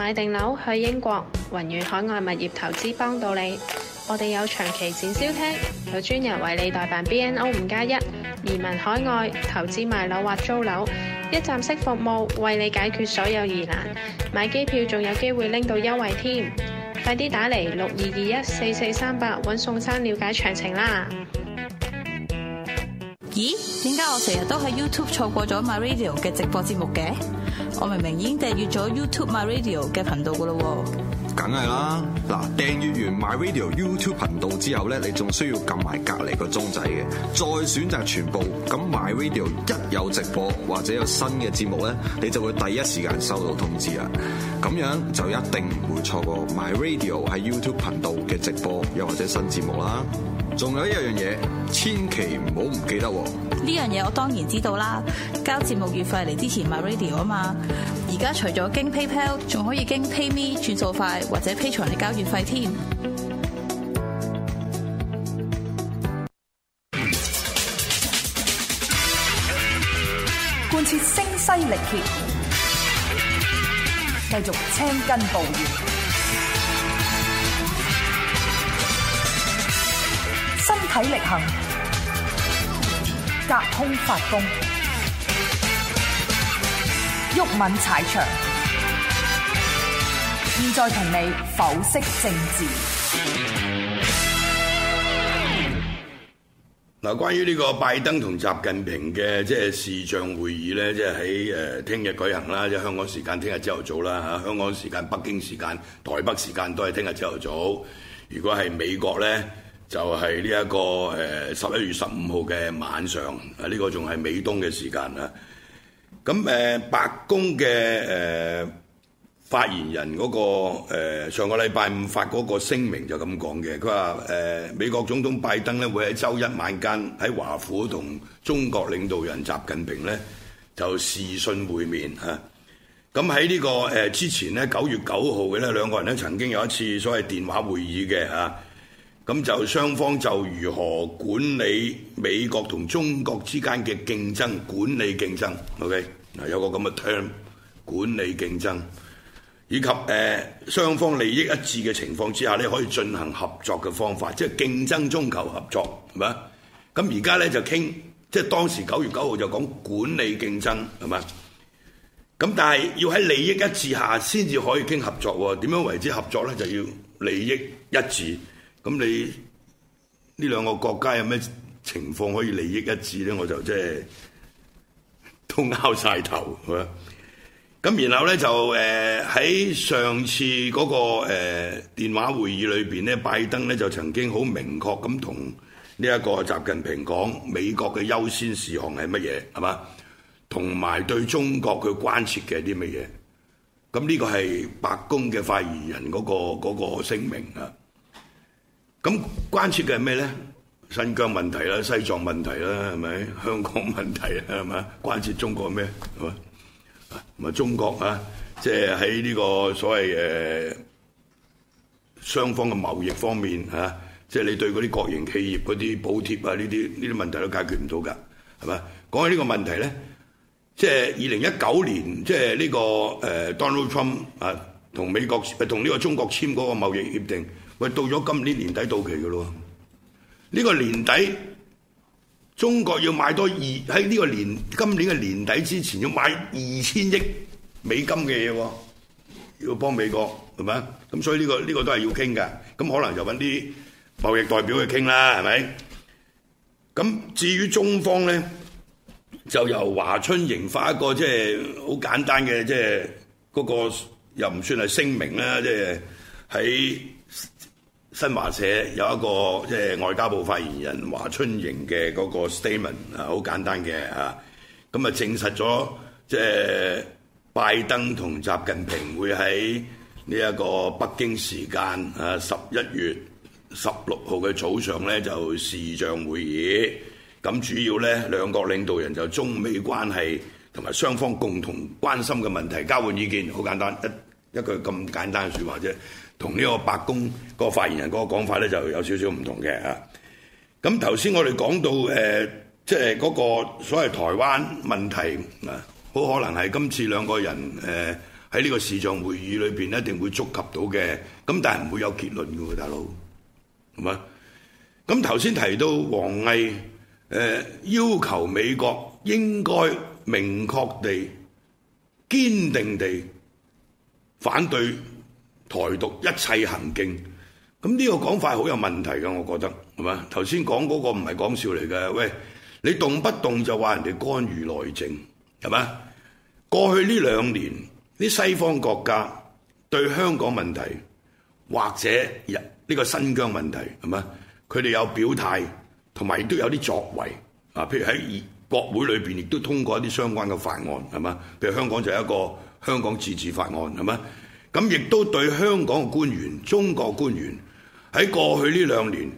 買定樓去英國，宏遠海外物業投資幫到你。我哋有長期展銷廳，有專人為你代辦 BNO 五加一移民海外投資賣樓或租樓，一站式服務為你解決所有疑難。買機有機。買機票仲有機會拎到優惠添，快啲打嚟六二二一四四三八搵宋生了解詳情啦。咦？點解我成日都喺 YouTube 錯過咗 MyRadio 嘅直播節目嘅？我明明已經訂閱咗 YouTube My Radio 嘅頻道噶咯喎，梗係啦。嗱，訂閱完 My Radio YouTube 頻道之後咧，你仲需要撳埋隔離個鐘仔嘅，再選擇全部。咁 My Radio 一有直播或者有新嘅節目咧，你就會第一時間收到通知啦。咁樣就一定唔會錯過 My Radio 喺 YouTube 頻道嘅直播又或者新節目啦。仲有一樣嘢，千祈唔好唔記得喎。呢樣嘢我當然知道啦，交節目月費嚟之前 MyRadio 啊嘛，而家除咗經 PayPal，仲可以經 PayMe 轉數快或者 Patreon 嚟交月費添。貫徹聲嘶力竭，繼續青筋暴現，身體力行，隔空發功，毓民踩場，現在同你剖析政治。嗱，關於呢個拜登同習近平嘅即係視像會議咧，即係喺誒聽日舉行啦，即係香港時間聽日朝頭早啦嚇，香港時間、北京時間、台北時間都係聽日朝頭早。如果係美國咧？就係呢一個誒十一月十五號嘅晚上，誒、這、呢個仲係美東嘅時間啊。咁誒白宮嘅誒、呃、發言人嗰、那個、呃、上個禮拜五發嗰個聲明就咁講嘅，佢話誒美國總統拜登咧會喺週一晚間喺華府同中國領導人習近平呢就視訊會面嚇。咁喺呢個誒、呃、之前咧九月九號嘅咧兩個人咧曾經有一次所謂電話會議嘅嚇。咁就雙方就如何管理美國同中國之間嘅競爭，管理競爭 OK. 嗱，OK? 有個咁嘅 term 管理競爭以及誒、呃、雙方利益一致嘅情況之下咧，可以進行合作嘅方法，即係競爭中求合作，係嘛？咁而家咧就傾，即係當時九月九號就講管理競爭係嘛？咁但係要喺利益一致下先至可以傾合作喎。點樣為之合作咧？就要利益一致。咁你呢兩個國家有咩情況可以利益一致呢？我就即係都拗晒頭咁，然後呢，就誒喺上次嗰個誒電話會議裏面呢，拜登呢就曾經好明確咁同呢一個習近平講美國嘅優先事項係乜嘢，係嘛？同埋對中國佢關切嘅啲乜嘢？咁呢個係白宮嘅發言人嗰個聲明啊。咁關切嘅係咩咧？新疆問題啦、西藏問題啦，係咪香港問題啦？係咪？關切中國咩？係咪？同埋中國啊，即係喺呢個所謂誒雙方嘅貿易方面嚇，即係你對嗰啲國營企業嗰啲補貼啊，呢啲呢啲問題都解決唔到㗎，係咪？講起呢個問題咧，即係二零一九年，即係呢個誒 Donald Trump 啊。同美國同呢個中國簽嗰個貿易協定，喂到咗今年年底到期嘅咯，呢個年底中國要買多二喺呢個年今年嘅年底之前要買二千億美金嘅嘢喎，要幫美國，係咪？咁所以呢個呢個都係要傾嘅，咁可能就搵啲貿易代表去傾啦，係咪？咁至於中方咧，就由華春瑩發一個即係好簡單嘅即係嗰個。又唔算係聲明啦，即係喺新華社有一個即係外交部發言人華春瑩嘅嗰個 statement 啊，好簡單嘅嚇，咁啊證實咗即係拜登同習近平會喺呢一個北京時間啊十一月十六號嘅早上咧就視像會議，咁主要咧兩國領導人就中美關係。同埋雙方共同關心嘅問題，交換意見。好簡單，一一句咁簡單嘅說話啫。同呢個白宮個發言人嗰個講法咧，呃，就有少少唔同嘅嚇。咁頭先我哋講到誒，即係嗰個所謂台灣問題啊，好可能係今次兩個人誒喺呢個視像會議裏面一定會觸及到嘅。咁但係唔會有結論嘅喎，大佬，係嘛？咁頭先提到王毅誒、呃、要求美國應該，明確地、堅定地反對台獨一切行徑，咁呢個講法好有問題㗎，我覺得係嘛？頭先講嗰個唔係講笑嚟㗎，喂，你動不動就話人哋干預內政係嘛？過去呢兩年，啲西方國家對香港問題或者呢個新疆問題係嘛，佢哋有表態同埋都有啲作為啊，譬如喺國會裏面亦都通過一啲相關嘅法案，係嘛？譬如香港就係一個香港自治法案，係嘛？咁亦都對香港嘅官員、中國官員喺過去呢兩年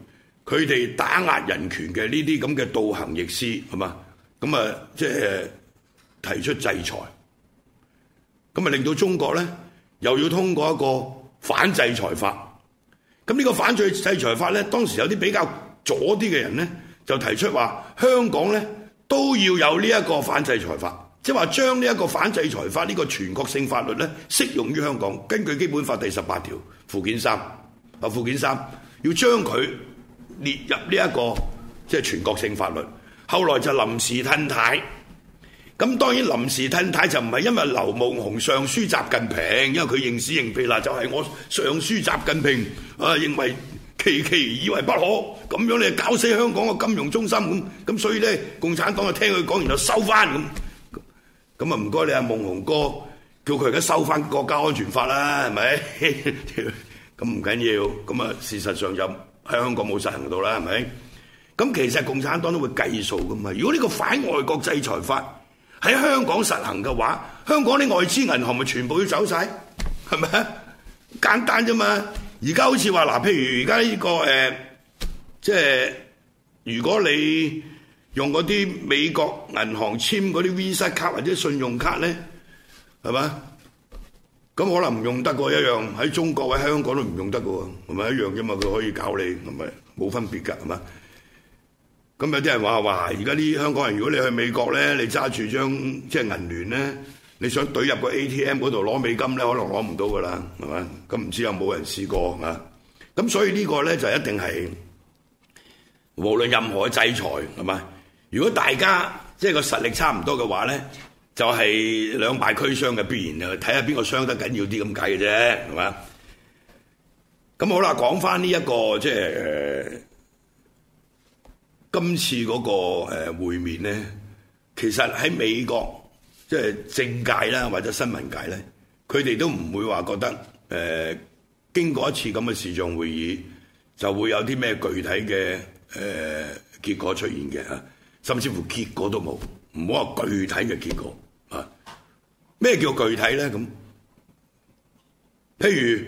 佢哋打壓人權嘅呢啲咁嘅倒行逆施，係嘛？咁啊，即係提出制裁，咁啊令到中國呢又要通過一個反制裁法。咁呢個反制裁法呢，當時有啲比較左啲嘅人呢，就提出話香港呢。都要有呢一個反制裁法，即係話將呢一個反制裁法呢個全國性法律呢適用於香港。根據基本法第十八條附件三啊，附件三，附件三要將佢列入呢、這、一個即係、就是、全國性法律。後來就臨時褪軚，咁當然臨時褪軚就唔係因為劉夢熊上書習近平，因為佢認屎認屁啦，就係、是、我上書習近平啊，認為。其其以為不可，咁樣你就搞死香港嘅金融中心咁，咁所以咧，共產黨就聽佢講，然後收翻咁，咁啊唔該你啊夢熊哥，叫佢而家收翻國家安全法啦，係咪？咁唔緊要，咁啊事實上就喺香港冇實行到啦，係咪？咁其實共產黨都會計數噶嘛，如果呢個反外國制裁法喺香港實行嘅話，香港啲外資銀行咪全部要走晒，係咪啊？簡單啫嘛。而家好似話嗱，譬如而家呢個誒，即係、呃、就係、如果你用嗰啲美國銀行簽嗰啲 Visa 卡或者信用卡咧，係嘛？咁可能唔用得噶，一樣喺中國喺香港都唔用得噶喎，係咪一樣啫嘛？佢可以搞你，係咪冇分別㗎？係嘛？咁有啲人話話，而家啲香港人，如果你去美國咧，你揸住張即係銀聯咧。你想懟入個 ATM 嗰度攞美金咧，可能攞唔到噶啦，係嘛？咁唔知有冇人試過啊？咁所以呢個咧就一定係無論任何制裁係嘛？如果大家即係個實力差唔多嘅話咧，就係兩敗俱傷嘅必然，睇下邊個傷得緊要啲咁計嘅啫，係嘛？咁好啦，講翻呢一個即係、呃、今次嗰個、呃、會面咧，其實喺美國。即係政界啦，或者新聞界咧，佢哋都唔會話覺得誒、呃，經過一次咁嘅視像會議，就會有啲咩具體嘅誒、呃、結果出現嘅，甚至乎結果都冇，唔好話具體嘅結果啊。咩叫具體咧？咁譬如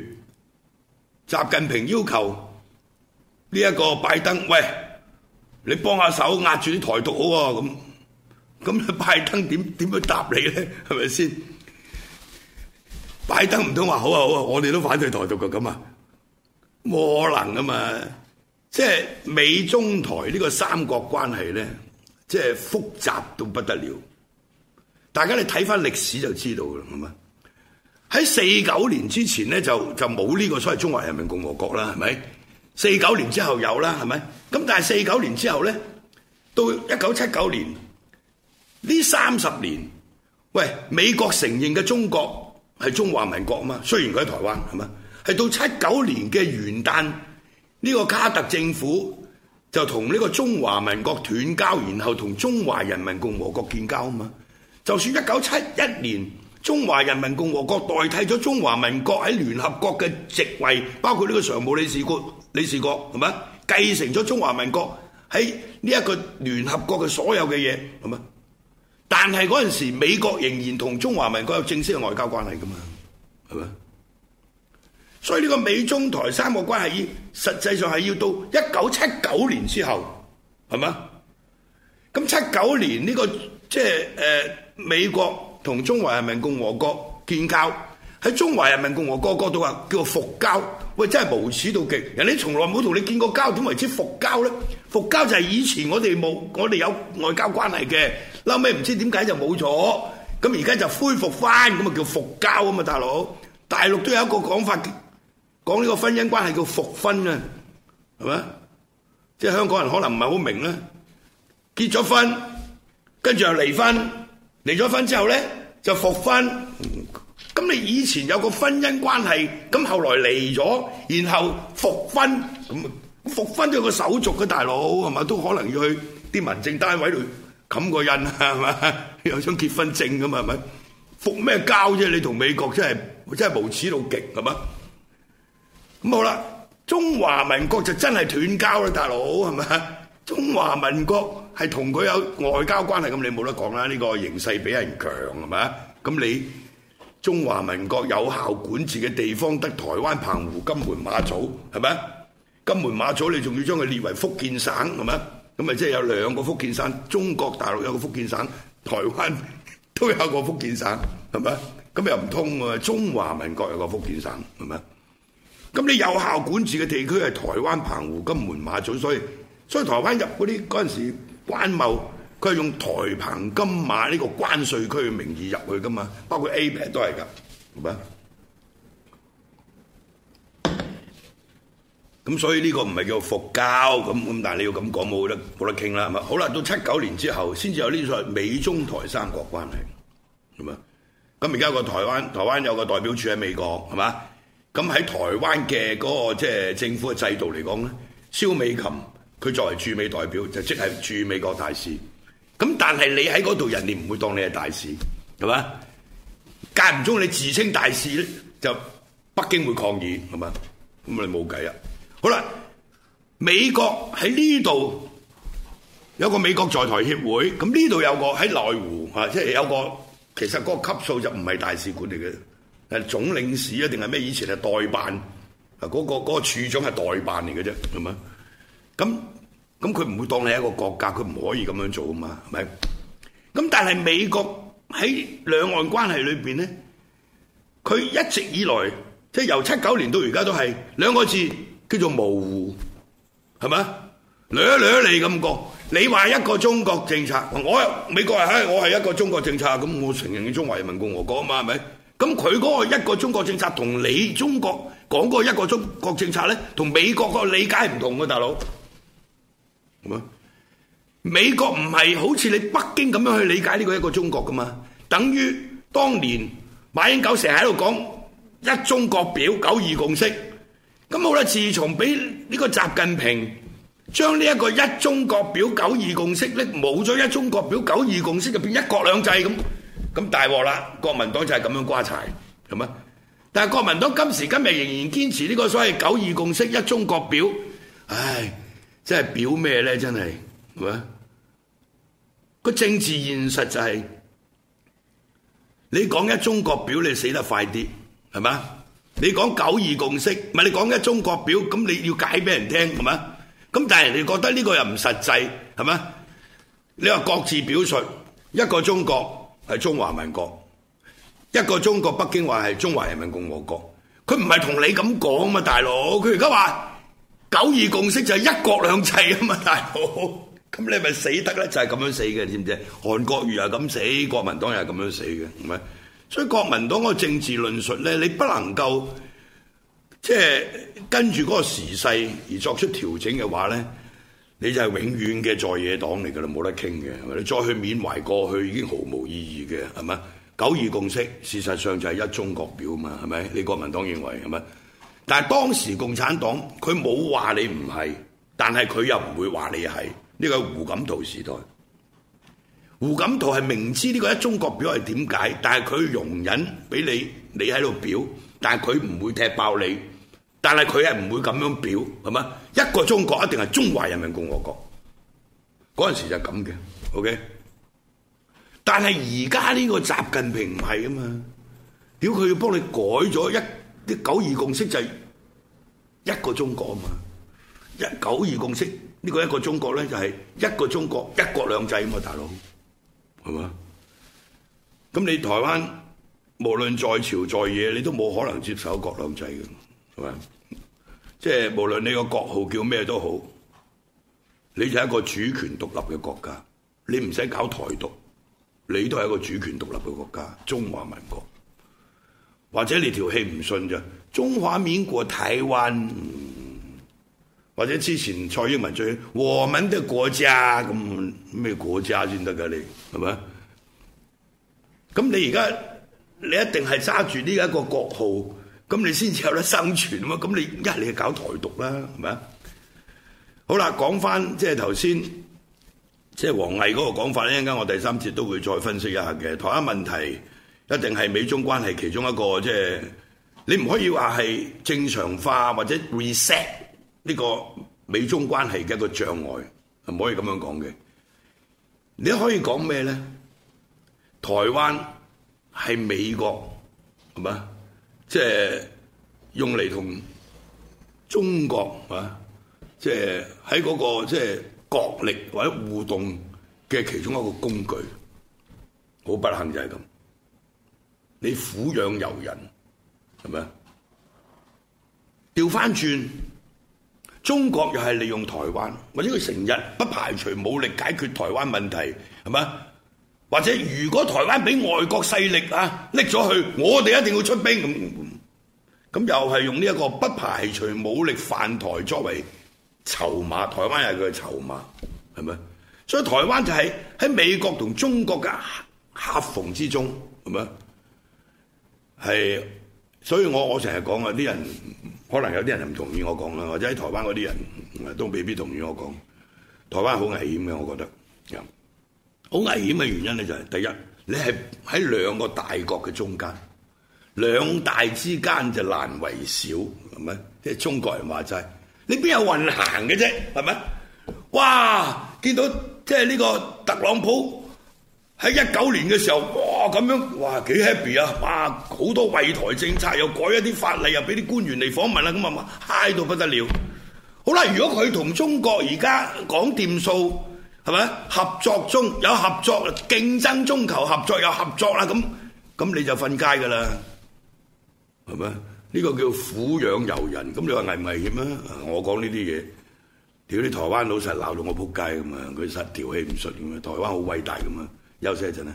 習近平要求呢一個拜登，喂，你幫下手壓住啲台獨好喎咁。咁拜登點點樣答你咧？係咪先？拜登唔通話好啊好啊，我哋都反對台獨㗎。咁啊？冇可能啊嘛！即係美中台呢個三角關係咧，即係複雜到不得了。大家你睇翻歷史就知道啦，係嘛？喺四九年之前咧，就就冇呢個所謂中華人民共和國啦，係咪？四九年之後有啦，係咪？咁但係四九年之後咧，到一九七九年。呢三十年，喂，美國承認嘅中國係中華民國啊嘛，雖然佢喺台灣係嘛，係到七九年嘅元旦，呢個卡特政府就同呢個中華民國斷交，然後同中華人民共和國建交啊嘛。就算一九七一年，中華人民共和國代替咗中華民國喺聯合國嘅席位，包括呢個常務理事國理事國係嘛，繼承咗中華民國喺呢一個聯合國嘅所有嘅嘢係嘛。但係嗰陣時，美國仍然同中華民國有正式嘅外交關係噶嘛？係咪？所以呢個美中台三國關係，依實際上係要到一九七九年之後，係咪？咁七九年呢、這個即係誒、呃，美國同中華人民共和國建交，喺中華人民共和國角度話叫做「復交」，喂真係無恥到極！人哋從來冇同你建過交，點為之復交呢？「復交」就係以前我哋冇，我哋有外交關係嘅。後尾唔知點解就冇咗，咁而家就恢復翻，咁啊叫復交啊嘛，大佬，大陸都有一個講法，講呢個婚姻關係叫復婚啊，係咪？即係香港人可能唔係好明啦，結咗婚，跟住又離婚，離咗婚之後咧就復婚，咁你以前有個婚姻關係，咁後來離咗，然後復婚，咁復婚都有個手續嘅，大佬係咪？都可能要去啲民政單位度。冚個印啊，係嘛？有張結婚證㗎嘛，係咪？復咩交啫？你同美國真係真係無恥到極，係嘛？咁好啦，中華民國就真係斷交啦，大佬係嘛？中華民國係同佢有外交關係，咁你冇得講啦。呢個形勢比人強係嘛？咁你中華民國有效管治嘅地方得台灣、澎湖、金門、馬祖係嘛？金門馬祖你仲要將佢列為福建省係嘛？咁咪即係有兩個福建省，中國大陸有個福建省，台灣都有個福建省，係咪？咁又唔通喎？中華民國有個福建省，係咪？咁你有效管治嘅地區係台灣、澎湖、金門、馬祖，所以所以台灣入嗰啲嗰陣時關貿，佢係用台澎金馬呢個關稅區嘅名義入去㗎嘛，包括 APEC 都係㗎，係咪？咁所以呢個唔係叫復交咁咁，但係你要咁講冇得冇得傾啦，係嘛？好啦，到七九年之後先至有呢個美中台三國關係，咁而家個台灣台灣有個代表處喺美國，係嘛？咁喺台灣嘅嗰個即係政府嘅制度嚟講咧，蕭美琴佢作為駐美代表就即係駐美國大使。咁但係你喺嗰度人哋唔會當你係大使，係嘛？間唔中你自稱大使咧，就北京會抗議，係嘛？咁你冇計啊！好啦，美國喺呢度有個美國在台協會，咁呢度有個喺內湖啊，即係有個其實嗰個級數就唔係大使館嚟嘅，係總領事啊定係咩？是什麼以前係代辦，嗰個嗰個處長係代辦嚟嘅啫，係咪？咁咁佢唔會當你係一個國家，佢唔可以咁樣做啊嘛，係咪？咁但係美國喺兩岸關係裏邊咧，佢一直以來即係由七九年到而家都係兩個字。叫做模糊，係咪啊？捋一捋嚟咁講，你話一個中國政策，我美國係，我係一個中國政策，咁我承認中華人民共和國啊嘛，係咪？咁佢嗰個一個中國政策同你中國講嗰個一個中國政策咧，同美國個理解係唔同嘅，大佬。咁啊，美國唔係好似你北京咁樣去理解呢個一個中國噶嘛？等於當年馬英九成日喺度講一中國表九二共識。咁好啦，自從俾呢個習近平將呢一個一中國表九二共識咧，冇咗一中國表九二共識就變一國兩制咁，咁大鑊啦！國民黨就係咁樣瓜柴，係嘛？但係國民黨今時今日仍然堅持呢個所謂九二共識一中國表，唉，真係表咩咧？真係喂？個政治現實就係你講一中國表，你死得快啲，係嘛？你講九二共識，唔係你講緊一中國表，咁你要解俾人聽係咪？咁但係人哋覺得呢個又唔實際係咪？你話各自表述一個中國係中華民國，一個中國北京話係中華人民共和國，佢唔係同你咁講嘛，大佬佢而家話九二共識就係一國兩制啊嘛，大佬，咁你咪死得咧，就係咁樣死嘅，知唔知？韓國瑜係咁死，國民黨又係咁樣死嘅，係咪？所以國民黨嗰個政治論述咧，你不能夠即係、就是、跟住嗰個時勢而作出調整嘅話咧，你就係永遠嘅在野黨嚟㗎喇，冇得傾嘅。你再去緬懷過去已經毫無意義嘅，係嘛？九二共識事實上就係一中各表啊嘛，係咪？你國民黨認為係咪？但係當時共產黨佢冇話你唔係，但係佢又唔會話你係，呢、這個係胡錦濤時代。胡錦濤係明知呢個一中國表係點解，但係佢容忍俾你你喺度表，但係佢唔會踢爆你。但係佢係唔會咁樣表係嘛？一個中國一定係中華人民共和國，嗰陣時就咁嘅。OK，但係而家呢個習近平唔係啊嘛，屌，佢要幫你改咗一啲九二共識就係一個中國啊嘛。一九二共識呢個一個中國咧就係一個中國一國兩制啊嘛，大佬。係嘛？咁你台灣無論在朝在野，你都冇可能接受國兩制嘅，係嘛？即係無論你個國號叫咩都好，你就係一個主權獨立嘅國家，你唔使搞台獨，你都係一個主權獨立嘅國家，中華民國。或者你條氣唔順啫中華民國台灣。或者之前蔡英文最，我們的國家咁咩國家先得噶？你係咪？咁你而家你一定係揸住呢一個國號，咁你先至有得生存喎。咁你而家你，你搞台獨啦，係咪？好啦，講翻即係頭先，即係王毅嗰個講法咧，陣間我第三節都會再分析一下嘅。台灣問題一定係美中關係其中一個，即係你唔可以話係正常化或者 reset。呢個美中關係嘅一個障礙，唔可以咁樣講嘅。你可以講咩咧？台灣係美國係咪即係用嚟同中國啊，即係喺嗰個即係角力或者互動嘅其中一個工具。好不幸就係咁，你苦養遊人係咪啊？調翻轉。中國又係利用台灣，或者佢成日不排除武力解決台灣問題，係咪？或者如果台灣俾外國勢力啊拎咗去，我哋一定要出兵咁，咁、嗯嗯嗯、又係用呢一個不排除武力犯台作為籌碼，台灣又係佢嘅籌碼，係咪？所以台灣就係喺美國同中國嘅夾縫之中，係咪？係，所以我我成日講啊，啲人。可能有啲人唔同意我講啦，或者喺台灣啲人都未必同意我講，台灣好危險嘅，我覺得，好危險嘅原因咧就係、是、第一，你係喺兩個大國嘅中間，兩大之間就難為少，係咪？即係中國人話齋，你邊有運行嘅啫，係咪？哇！見到即係呢、這個特朗普喺一九年嘅時候。咁樣哇，幾 happy 啊！哇，好多惠台政策又改一啲法例，又俾啲官員嚟訪問啦，咁啊嘛 high 到不得了！好啦，如果佢同中國而家講掂數，係咪合作中有合作，競爭中求合作有合作啦，咁咁你就瞓街噶啦，係咪？呢、呢個叫俯仰由人，咁你話危唔危險啊？我講呢啲嘢，屌啲台灣佬實鬧到我扑街咁啊！佢實條氣唔順咁啊！台灣好偉大咁啊！休息一陣啦。